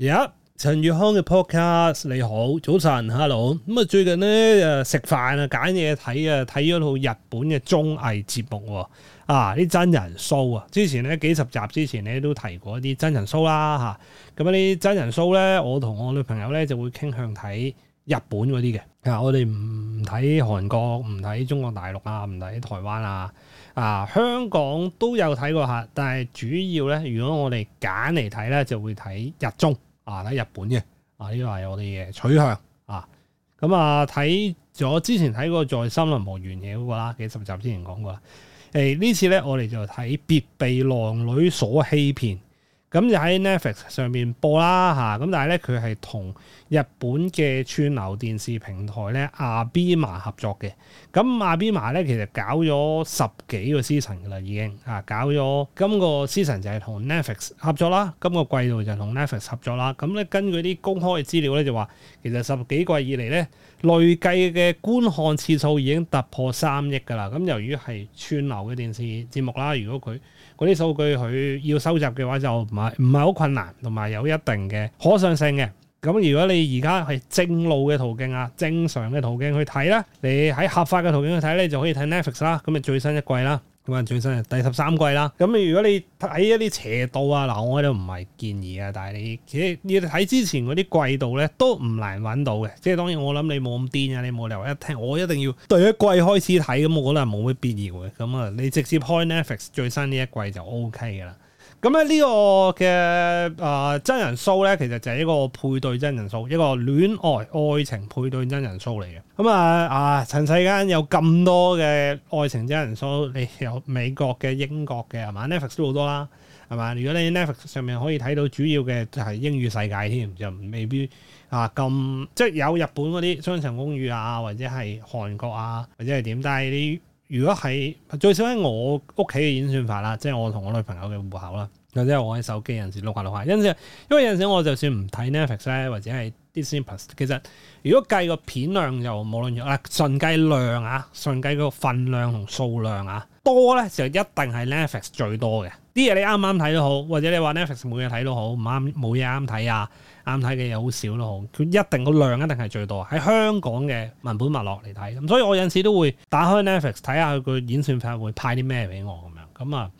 而家陳月康嘅 podcast，你好，早晨，hello。咁啊，最近咧食飯啊，揀嘢睇啊，睇咗套日本嘅綜藝節目啊，啲真人 show 啊。之前呢，幾十集之前呢，都提過一啲真人 show 啦、啊、吓。咁啊啲真人 show 咧，我同我女朋友咧就會傾向睇日本嗰啲嘅。啊，我哋唔睇韓國，唔睇中國大陸啊，唔睇台灣啊，啊香港都有睇過下，但係主要咧，如果我哋揀嚟睇咧，就會睇日綜。啊！喺日本嘅，啊呢個係我哋嘅取向啊，咁、嗯、啊睇咗之前睇過《在森林和原野》嗰個啦，幾十集之前講過啦，誒、欸、呢次咧我哋就睇別被浪女所欺騙。咁就喺 Netflix 上面播啦吓，咁但係咧佢係同日本嘅串流電視平台咧 ABEMA 合作嘅。咁 ABEMA 咧其實搞咗十幾個 season 㗎啦，已經啊搞咗今個 season 就係同 Netflix 合作啦，今個季度就同 Netflix 合作啦。咁、嗯、咧根據啲公開嘅資料咧就話其實十幾個季以嚟咧累計嘅觀看次數已經突破三億㗎啦。咁、嗯、由於係串流嘅電視節目啦，如果佢嗰啲數據佢要收集嘅話就。唔係好困難，同埋有一定嘅可信性嘅。咁如果你而家係正路嘅途徑啊，正常嘅途徑去睇啦，你喺合法嘅途徑去睇咧，就可以睇 Netflix 啦。咁啊最新一季啦，咁啊最新係第十三季啦。咁如果你睇一啲邪道啊，嗱，我呢度唔係建議啊，但係你其實你睇之前嗰啲季度咧都唔難揾到嘅。即係當然我諗你冇咁癲啊，你冇理由一聽我一定要第一季開始睇，咁我覺得係冇乜必要嘅。咁啊，你直接開 Netflix 最新呢一季就 OK 嘅啦。咁咧呢個嘅啊、呃、真人 show 咧，其實就係一個配對真人 show，一個戀愛愛情配對真人 show 嚟嘅。咁、嗯、啊、呃、啊，塵世間有咁多嘅愛情真人 show，你有美國嘅、英國嘅係嘛？Netflix 都好多啦，係嘛？如果你喺 Netflix 上面可以睇到主要嘅就係英語世界添，就未必啊咁，即係有日本嗰啲《雙層公寓》啊，或者係韓國啊，或者係點，但係你。如果係最少喺我屋企嘅演算法啦，即係我同我女朋友嘅戶口啦，或者我喺手機有陣時碌下碌下，因為因為有陣時我就算唔睇 Netflix 咧，或者係 Disney Plus，其實如果計個片量就無論啊純計量啊，純計個份量同數量啊。多咧，就一定係 Netflix 最多嘅。啲嘢你啱啱睇都好，或者你話 Netflix 冇嘢睇都好，唔啱冇嘢啱睇啊，啱睇嘅嘢好少都好，佢一定個量一定係最多。喺香港嘅文本脈絡嚟睇，咁所以我有陣時都會打開 Netflix 睇下佢個演算法會派啲咩俾我咁樣。咁啊。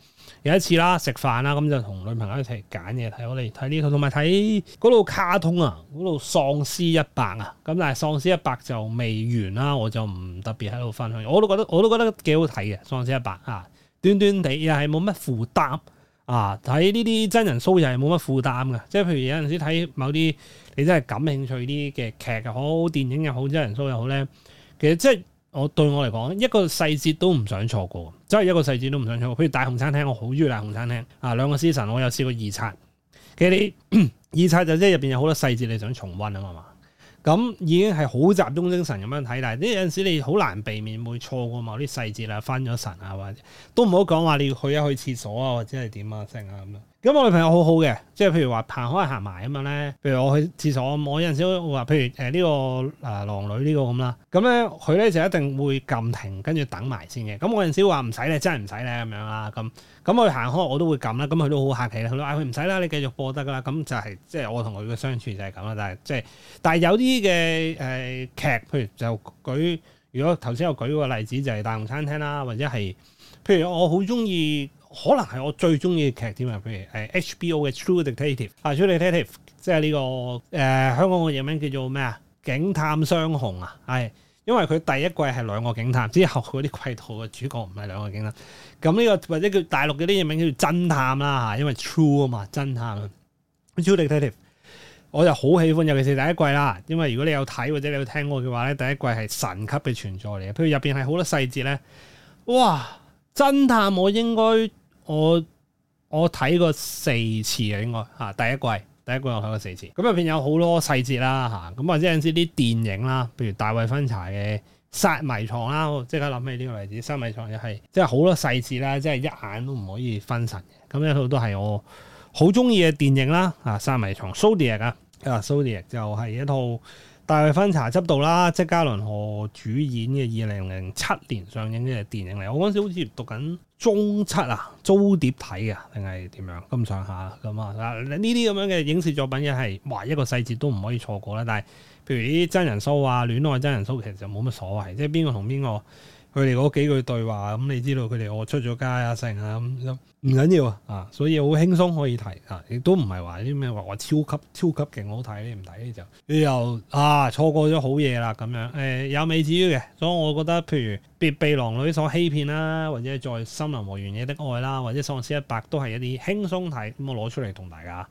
有一次啦，食飯啦，咁就同女朋友一齊揀嘢睇，我哋睇呢套，同埋睇嗰度卡通啊，嗰度喪屍一百啊，咁但係喪屍一百就未完啦，我就唔特別喺度分享，我都覺得我都覺得幾好睇嘅喪屍一百啊，短短地又係冇乜負擔啊，睇呢啲真人 show 又係冇乜負擔嘅，即係譬如有陣時睇某啲你真係感興趣啲嘅劇又好，電影又好，真人 show 又好咧，其實即係。我對我嚟講，一個細節都唔想錯過，真係一個細節都唔想錯過。譬如大紅餐廳，我好中意大紅餐廳啊。兩個師神，我有試過二刷，其實你二刷就即係入邊有好多細節你想重溫啊嘛。咁已經係好集中精神咁樣睇，但係呢陣時你好難避免會錯過某啲細節啦。翻咗神啊，或者都唔好講話你要去一去廁所啊，或者係點啊，即係咁啦。咁、嗯、我女朋友好好嘅，即係譬如話行開行埋咁樣咧。譬如我去廁所，我有陣時話，譬如誒、這、呢個誒、呃、狼女呢個咁啦，咁咧佢咧就一定會撳停，跟住等埋先嘅。咁、嗯、我有陣時話唔使咧，真係唔使咧咁樣啦。咁咁佢行開，我都會撳啦。咁、嗯、佢都好客氣啦。佢話佢唔使啦，你繼續播得㗎啦。咁、嗯、就係即係我同佢嘅相處就係咁啦。但係即係，但係有啲嘅誒劇，譬如就舉，如果頭先我舉個例子就係、是、大龍餐廳啦，或者係譬如我好中意。可能係我最中意嘅劇添啊，譬如誒 HBO 嘅 True Detective 啊，True Detective 即係呢、這個誒、呃、香港嘅譯名叫做咩啊？警探雙雄啊，係因為佢第一季係兩個警探，之後佢啲季度嘅主角唔係兩個警探。咁呢、這個或者叫大陸嘅呢譯名叫做真探啦吓，因為 True 啊嘛，真探 True Detective，我就好喜歡，尤其是第一季啦，因為如果你有睇或者你有聽過嘅話咧，第一季係神級嘅存在嚟嘅，譬如入邊係好多細節咧，哇！真探我應該。我我睇過四次啊，應該吓第一季，第一季我睇過四次。咁入邊有好多細節啦，吓、啊、咁或即有陣時啲電影啦，譬如大衛芬查嘅《殺迷藏》啦，即刻諗起呢個例子，《殺迷藏、就是》又係即係好多細節啦，即、就、係、是、一眼都唔可以分神嘅。咁一套都係我好中意嘅電影啦，《啊殺迷藏》Zodiac 啊，啊 Zodiac 就係一套大衛芬查執導啦，即係加崙河主演嘅二零零七年上映嘅電影嚟。我嗰時好似讀緊中七啊，租碟睇啊，定係點樣咁上下咁啊？嗱，呢啲咁樣嘅影視作品嘅係，哇！一個細節都唔可以錯過啦。但係，譬如啲真人 show 啊，戀愛真人 show，其實就冇乜所謂，即係邊個同邊個。佢哋嗰幾句對話，咁、嗯、你知道佢哋我出咗街啊成啊咁，唔緊要啊，啊，所以好輕鬆可以睇啊，亦都唔係話啲咩話話超級超級勁好睇，你唔睇你就你又啊錯過咗好嘢啦咁樣，誒、欸、有未至於嘅，所以我覺得譬如別被狼女所欺騙啦、啊，或者在森林和原野的愛啦、啊，或者喪屍一百都係一啲輕鬆睇，咁、嗯、我攞出嚟同大家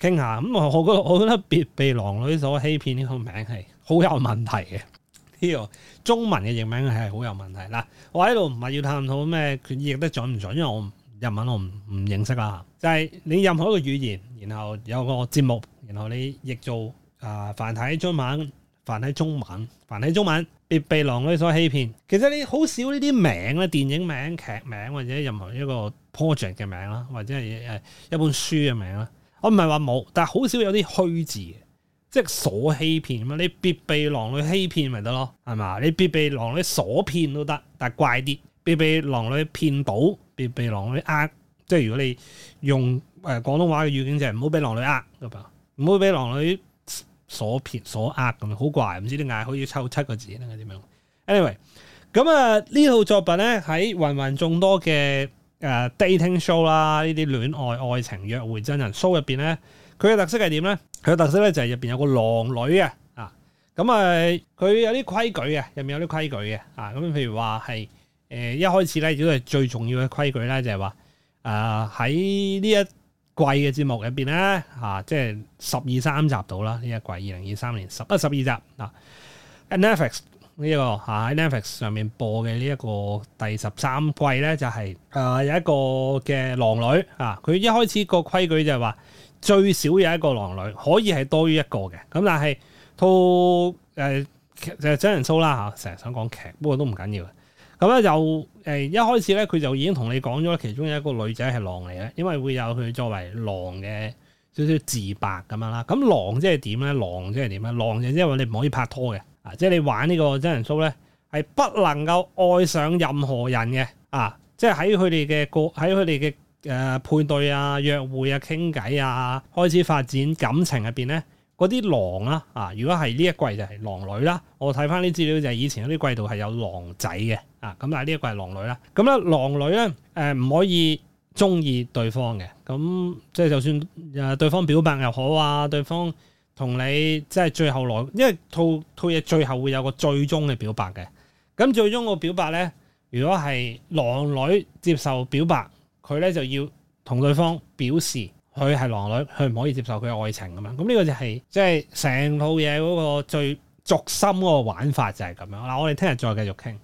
傾下，咁、嗯、我覺我覺得別被狼女所欺騙呢個名係好有問題嘅。 中文嘅譯名係好有問題嗱，我喺度唔係要探討咩佢譯得準唔準，因為我日文我唔唔認識啊。就係、是、你任何一個語言，然後有個節目，然後你譯做啊、呃、繁體中文、繁體中文、繁體中文，別被狼嘅所欺騙。其實你好少呢啲名咧，電影名、劇名或者任何一個 project 嘅名啦，或者係誒一本書嘅名啦。我唔係話冇，但係好少有啲虛字。即係所欺騙咁啊！你必被狼女欺騙咪得咯，係嘛？你必被狼女所騙都得，但怪啲。必被狼女騙到，必被狼女呃。即係如果你用誒廣東話嘅語境就係唔好俾狼女呃㗎噃，唔好俾狼女所騙所呃咁，好怪。唔知點解，可以湊七個字定係點樣？anyway，咁啊呢套作品咧喺芸芸眾多嘅誒、呃、dating show 啦，呢啲戀愛愛情約會真人 show 入邊咧。佢嘅特色係點咧？佢嘅特色咧就係入邊有個狼女嘅，啊，咁啊，佢有啲規矩嘅，入面有啲規矩嘅，啊，咁譬如話係，誒，一開始咧，亦都係最重要嘅規矩咧，就係話，啊，喺呢一季嘅節目入邊咧，吓，即係十二三集到啦，呢一季二零二三年十一十二集，啊，Netflix 呢一個吓，喺 Netflix 上面播嘅呢一個第十三季咧，就係啊有一個嘅狼女，啊，佢一開始個規矩就係話。最少有一個狼女，可以係多於一個嘅。咁但係套誒誒真人 show 啦嚇，成日想講劇，不過都唔緊要嘅。咁、嗯、咧就誒、呃、一開始咧，佢就已經同你講咗其中有一個女仔係狼嚟嘅，因為會有佢作為狼嘅少少自白咁樣啦。咁狼即係點咧？狼即係點咧？狼即係因為你唔可以拍拖嘅啊！即係你玩呢個真人 show 咧，係不能夠愛上任何人嘅啊！即係喺佢哋嘅個喺佢哋嘅。誒配對啊、約會啊、傾偈啊，開始發展感情入邊咧，嗰啲狼啦啊，啊，如果係呢一季就係狼女啦。我睇翻啲資料就係以前嗰啲季度係有狼仔嘅啊，咁但係呢一季係狼女啦、啊。咁、嗯、咧狼女咧誒唔可以中意對方嘅，咁即係就算誒對方表白又好啊，對方同你即係最後狼，因為套套嘢最後會有個最終嘅表白嘅。咁最終個表白咧，如果係狼女接受表白。佢咧就要同對方表示佢係狼女，佢唔可以接受佢嘅愛情咁樣。咁呢個就係即係成套嘢嗰個最軸心嗰個玩法就係咁樣嗱。我哋聽日再繼續傾。